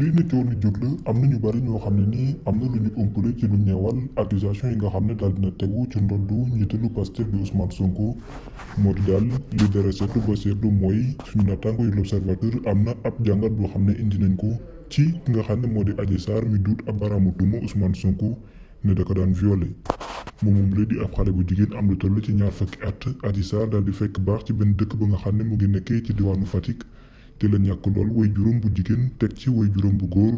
bu ne coow li jur la am na ñu bari ñoo xam ne nii am na lu ñu ëmpale ci lu ñeewal accusation yi nga xam ne daal dina tegu ci ndoddu njiitalu Pastef bi Ousmane Sonko moo di daal li dara seetlu ba seetlu mooy suñu nattaango yu l'observateur am na ab jàngat boo xam ne indi nañ ko ci ki nga xam ne moo di Adji Sarr mi duut ab baraamu tuuma Ousmane Sonko ne da ko daan violé moom moom la di ab xale bu jigéen am lu toll ci ñaar fukki at Adji Sarr di fekk baax ci benn dëkk ba nga xam ne mu ngi nekkee ci diwaanu Fatick te la ñàkk lool way juróom bu jigéen teg ci way juróom bu góor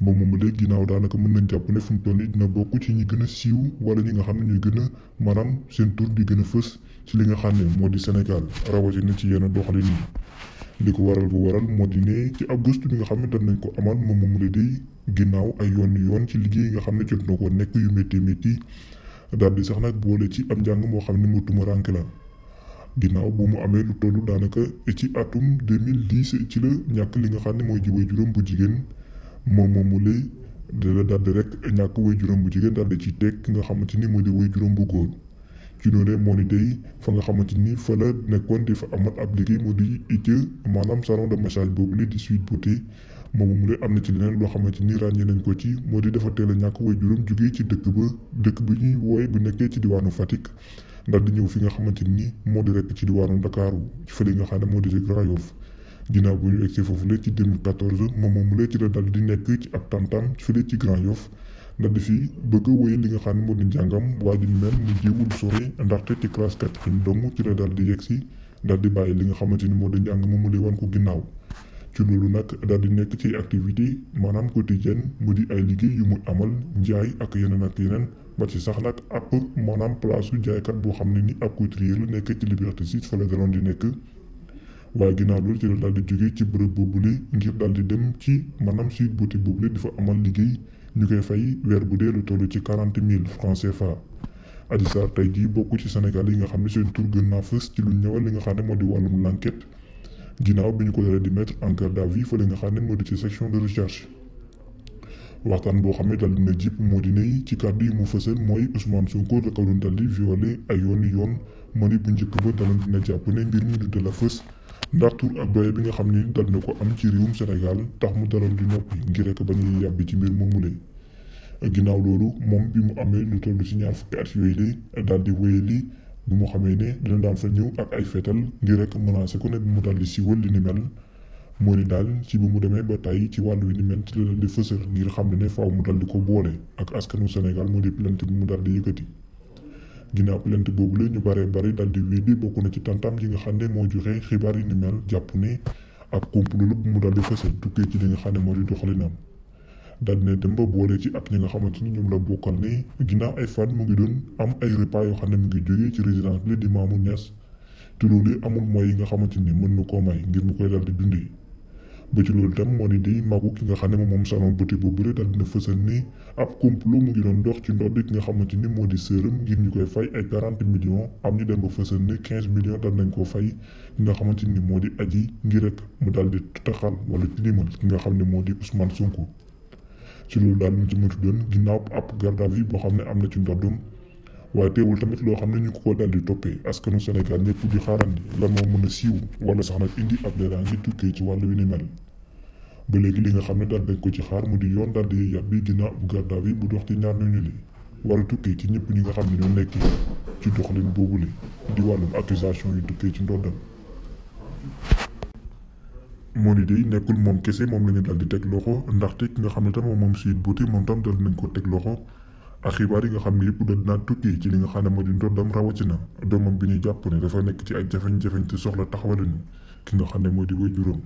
moom moom léegi ginnaaw daanaka mën nañ jàpp ne fu mu toll nii dina bokk ci ñi gën a siiw wala ñi nga xam ne ñuy gën a maanaam seen tur di gën a fës ci li nga xam ne moo di Sénégal rawatina ci yenn doxalin yi li ko waral bu waral moo di ne ci ab gëstu bi nga xam ne dañ nañ ko amal moom moom la day ginnaaw ay yoon yoon ci liggéey yi nga xam ne jot na ko nekk yu métti métti daal di sax nag boole ci am njàng moo xam ne mu tumaranke la ginnaaw bu mu amee lu toll daanaka ci atum 2010 ci la ñàkk li nga xam ne mooy ji waajuram bu jigéen moom moom moomu lay dala daldi rek ñàkk juróom bu jigéen daldi ci teg nga xamante ni mooy di juróom bu góor ci noonu moo ni fa nga xamante ni fa la nekkoon di fa amal ab liggéey moo di ca maanaam salon de massage boobu li di Sweet moom mu lay am na ci leneen loo xamante ni ràññee nañ ko ci moo di dafa teel a ñàkk juróom jógee ci dëkk ba dëkk bi ñuy wooye bu nekkee ci diwaanu Fatick ndax di ñëw fi nga xamante ni moo di rek ci diwaanu Ndakaaru ci fële moo di rek Grand Yoff ginnaaw bu ci 2014 moom moom la ci la dal di nekk ci ab tantam di fi li nga xam ne moo di njàngam waa ji mel mu jéewul sori ndaxte ci classe quatrième di si dal di li nga xamante ni moo di njàng moomu lay wan ko ginnaaw ci loolu nag daal di nekk ci activité maanaam quotidienne mu di ay liggéey yu muy amal njaay ak yeneen ak yeneen ba ci sax nag ab maanaam place su jaaykat boo xam ne ni ab couturier la nekk ci Liberté 6 fa la daloon di nekk waaye ginnaaw loolu ci la daal di jógee ci bërëb boobule ngir daal di dem ci maanaam suite boutique boobule di fa amal liggéey ñu koy fay weer bu dee lu toll ci quarante mille francs CFA. Adji Sarr tey jii bokk ci Sénégal yi nga xam ne seen tur gën naa fës ci lu ñëwal li nga xam ne moo di wàllum l'enquête ginnaaw bi ñu ko dalee di mettre en garde à vue fa waxtaan boo xam ne di dina jip moo di ne ci kàddu yi mu fësal mooy Ousmane Sonko da ko doon dal di violé ay yooni yoon ma bu njëkk ba dalan dina jàpp ne mbir mi du de fës ndax tur ak doye bi nga xam ne dal na ko am ci réewum Sénégal tax mu daloon di noppi ngir rek bañuy yàbbi ci mbir moomu la ginnaaw loolu moom bi mu amee lu toll ci ñaar fukki at yooyu la daal di mu xamee ne dina daan fa ñëw ak ay fetal ngir rek menacé ko ne bi moo daal ci bi mu demee ba tey ci wàll wi ni mel ci la dal di fësal ngir xam ne faaw mu dal di ko boole ak askanu Sénégal moo di plainte bi mu dal di yëkkati ginnaaw plainte boobu la ñu baree bari dal di wéy di na ci tantam yi nga xam ne moo joxe xibaar yi ni mel jàpp ne ak complot la bu mu dal di fësal tukkee ci li nga xam ne moo di doxalinam daal dina dem ba boole ci ak ñi nga xamante ni ñoom la bokkal ne ginnaaw ay fan mu ngi doon am ay repas yoo xam ne mu ngi jógee ci résidence bi di Mamour Niass te loolu amul mooy yi nga xamante ni mën na koo may ngir mu koy dal di dundee. ba ci loolu itam moo ni di magu ki nga xam ne moom moom salon beauté boobu rek daal dina fësal ni ab complot mu ngi doon dox ci ndodd ki nga xam ni moo di sërëm ngir ñu koy fay ay 40 millions am ñu dem ba fësal ni 15 millions daal nañ koo fay ki nga xamante ni moo di aji ngir rek mu daal di taxal wala tilimal ki nga xam ne moo di Ousmane Sonko si loolu daal mu ci mëntu doon ginnaaw ab garde à vue boo xam ne am na ci ndoddum waaye teewul tamit loo xam ne ñu ko ko daal di toppee askanu Sénégal ñëpp di xaarandi lan moo mën a siiw wala sax nag indi ab dara tukkee ci wàllu wi ni mel. ba léegi li nga xam ne daal dañ ko ci xaar mu di yoon daal di yàb bi ginnaaw bu gardaaw bi bu dox ci ñaar ñooñu li war tukkee ci ñëpp ñi nga xam ne ñoo nekk ci doxalin boobu li di wàllum accusation yu tukkee ci ndoddam moo moom kese moom la ñu daal di teg loxo ndaxte ki nga ne tam moom Sweet Beauté moom dal nañ ko teg ak xibaar yi nga xam ne yëpp doon naan tukki ci li nga xam ne moo di ndoddam rawatina doomam bi ñu jàpp ne dafa nekk ci ay jafeñ-jafeñ te soxla taxawaluñu ki nga xam ne moo di waajuram